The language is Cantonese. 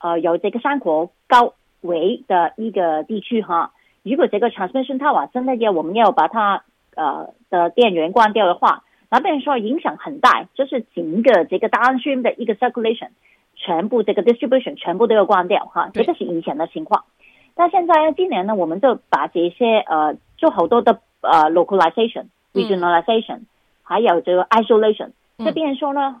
呃，由這個山火高危的一個地區哈，如果這個 transmission tower 真的要，我們要把它，呃，的電源關掉的話，那變說影響很大，就是整一個這個 downstream 的一個 circulation，全部這個 distribution 全部都要關掉哈，這個是以前的情況。但現在今年呢，我們就把這些，呃，做好多的 localization，嗯，呃 regionalization 還有這個 isolation，這邊說呢？嗯